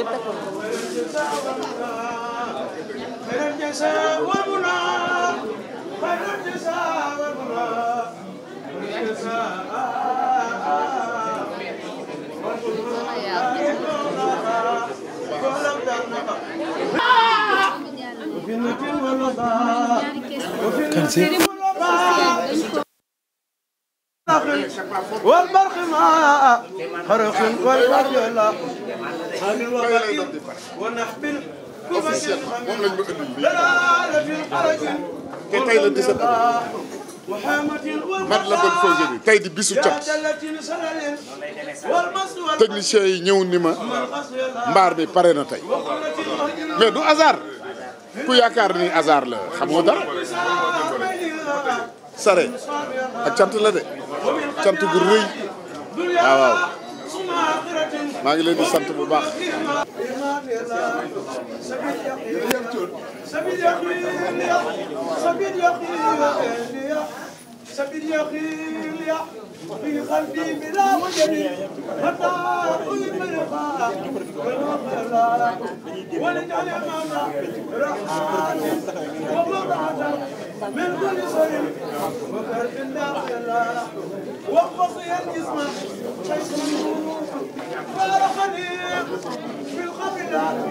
يتقون خير الجزاء والمنى خير الجزاء والمنى خير الجزاء كان سير والبرق ما حرق والبرق لا officiellement moom lañ ma ëndi lii mat la bëgg foo jëlee tey di bisu cat technicien yi ñëw ni ma mbaar bi pare na tey mais du hasard ku yaakaar ni hasard la xamoo dara sare ak cant la de cant gu rëy ah, waaw maa ngi leen di sant bu baax. من كل شيء وفرق الداخل وقصي الجسم حيث فارقني في القبلات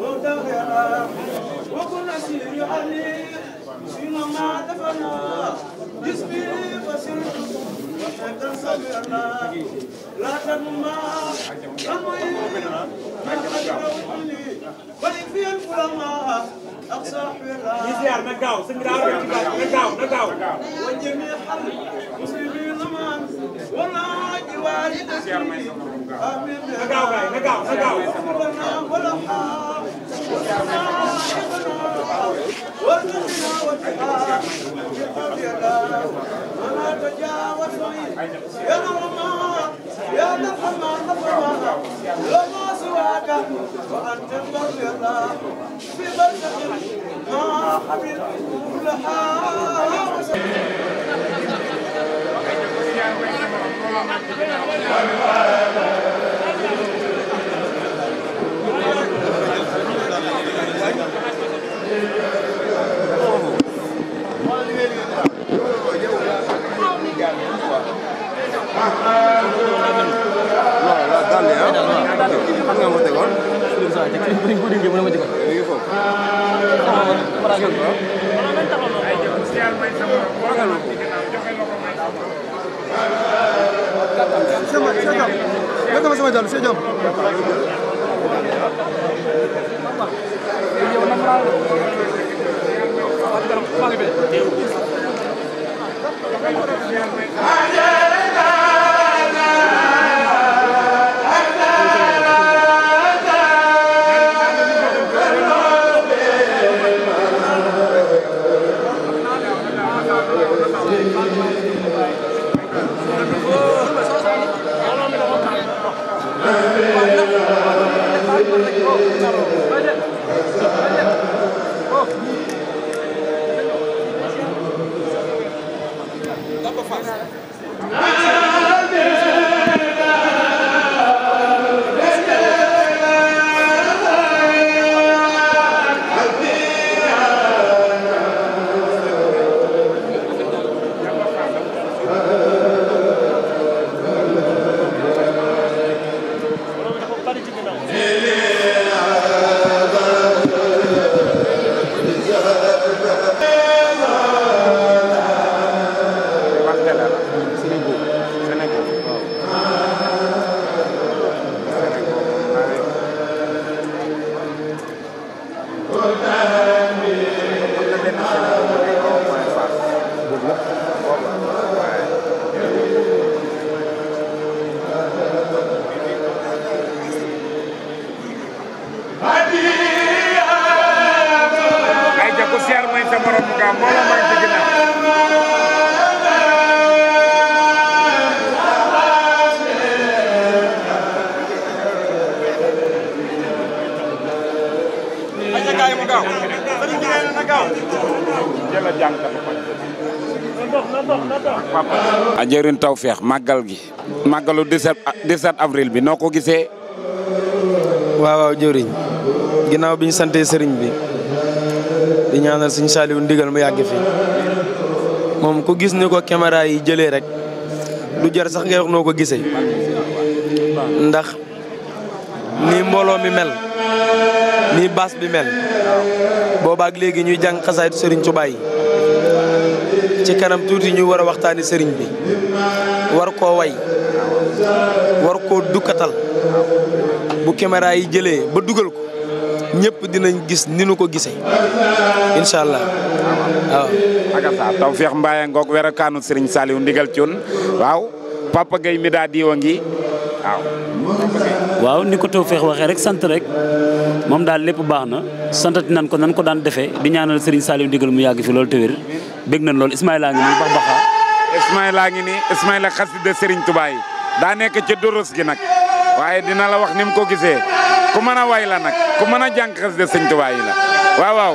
وداخل وكل شيء يعلي سيما ما دفنا جسمي فسرت وحتى سبيلا لا تنمى أمي ñi ziar na gaaw sëñ bi daa war ci baax na gaaw na gaaw na gaaw gaay na gaaw na gaaw يا رحمن يا رحمن ذاك وأنت المرضى في برزخ ما حمل كل حاجة dama sama dal ci jàmm Aja ginnaaw mbooloo taw feex màggal gi màggalu 17 avril bi noo ko gisee waaw waaw jëriñ ginnaaw biñ ñu sëriñ bi di ñaanal sëñ Saliou ndigal mu yàgg fi moom ku gis ni ko caméra yi jëlee rek du jar sax ngay noo ko gisee ndax ni mbooloo mi mel ni baas bi mel boobaak léegi ñuy jàng xasaayitu sëriñ Tuubaa yi ci kanam tuuti ñu war a waxtaani sëriñ bi war koo way war koo dukkatal bu caméra yi jëlee ba dugal ko ñépp dinañ gis ni nu ko gisee incha allah waaw. feex mbaay mbaaya ngoog werekaanu Serigne Saliou ndigal Thioune waaw Papa Gueye mi daa diwa ngi waaw. ni ko tawfeex waxee rek sant rek moom daal lépp baax na santati nan ko nan ko daan defee di ñaanal Serigne Saliou ndigal mu yàgg fi loolu te wér bég nañ lool Ismaïla a ngi nii bax baxaa Ismaïla ngi xasida Serigne Touba daa nekk ca doros gi nag waaye dina la wax ni mu ko gisee. ku mën a way la nag ku mën a jàng xasida sëñ Tuubaa yi la waaw waaw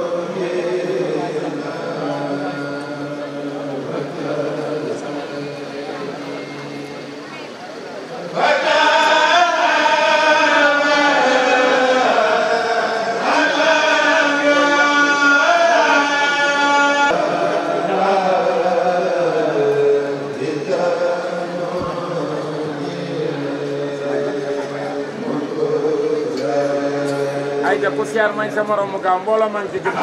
maa ngi sa morom mu gaaw mbooloo maa ngi ci gën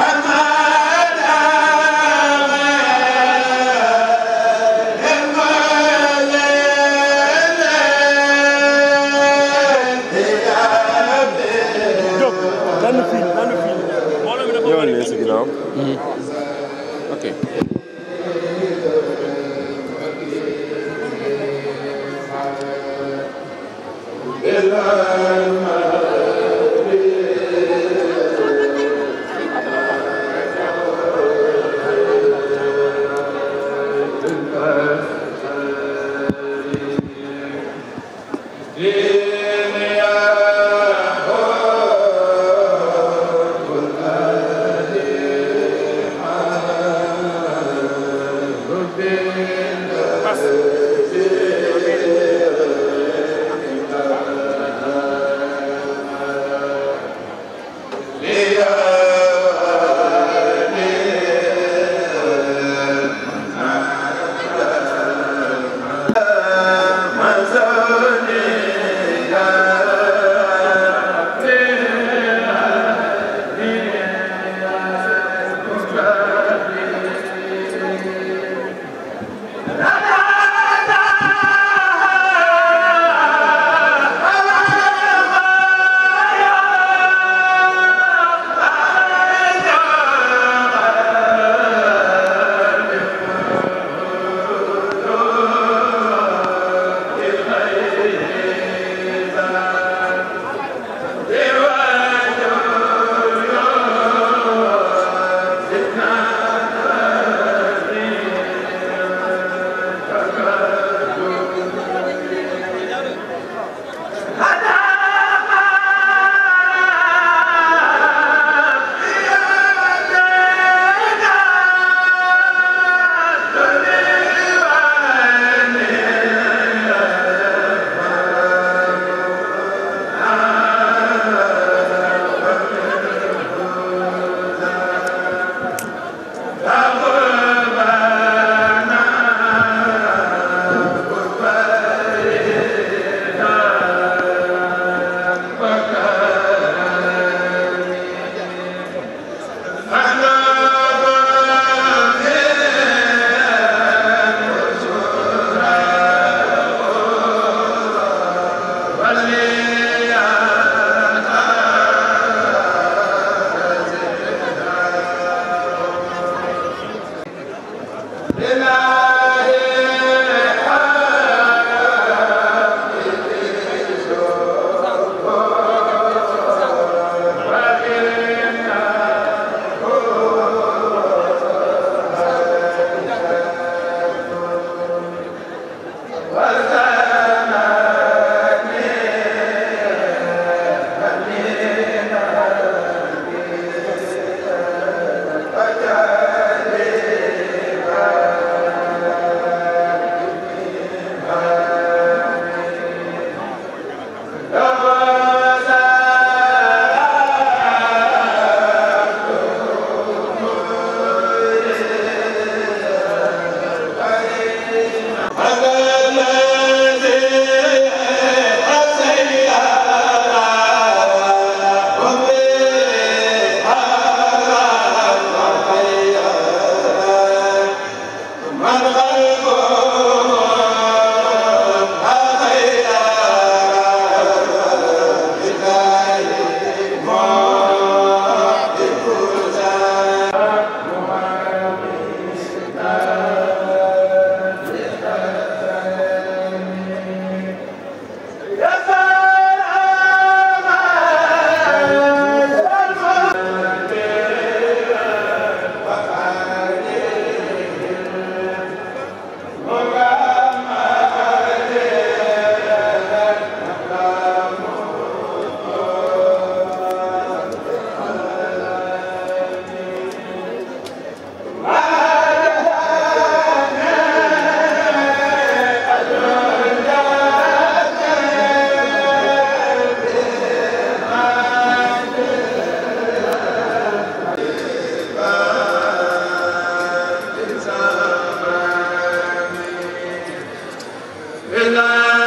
ila